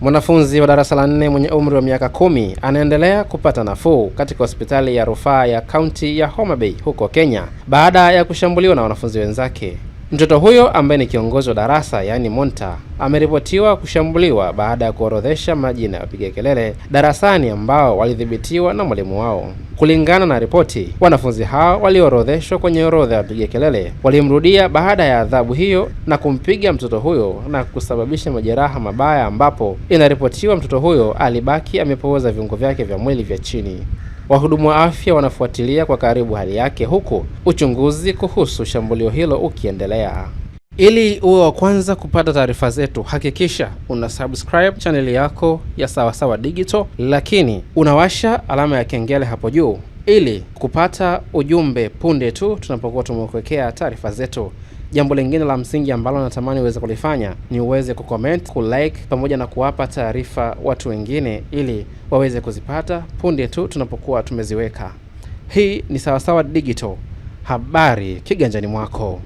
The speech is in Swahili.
Mwanafunzi wa darasa la nne mwenye umri wa miaka kumi anaendelea kupata nafuu katika hospitali ya rufaa ya kaunti ya Homa Bay huko Kenya baada ya kushambuliwa na wanafunzi wenzake. Mtoto huyo ambaye ni kiongozi wa darasa yaani monta ameripotiwa kushambuliwa baada ya kuorodhesha majina ya wapiga kelele darasani ambao walidhibitiwa na mwalimu wao. Kulingana na ripoti, wanafunzi hao walioorodheshwa kwenye orodha ya wapiga kelele walimrudia baada ya adhabu hiyo na kumpiga mtoto huyo na kusababisha majeraha mabaya, ambapo inaripotiwa mtoto huyo alibaki amepooza viungo vyake vya mwili vya chini. Wahudumu wa afya wanafuatilia kwa karibu hali yake huku uchunguzi kuhusu shambulio hilo ukiendelea. Ili uwe wa kwanza kupata taarifa zetu, hakikisha una subscribe chaneli yako ya Sawa Digital, lakini unawasha alama ya kengele hapo juu ili kupata ujumbe punde tu tunapokuwa tumekuwekea taarifa zetu. Jambo lingine la msingi ambalo natamani uweze kulifanya ni uweze kucomment, kulike pamoja na kuwapa taarifa watu wengine ili waweze kuzipata punde tu tunapokuwa tumeziweka. Hii ni Sawasawa Digital, habari kiganjani mwako.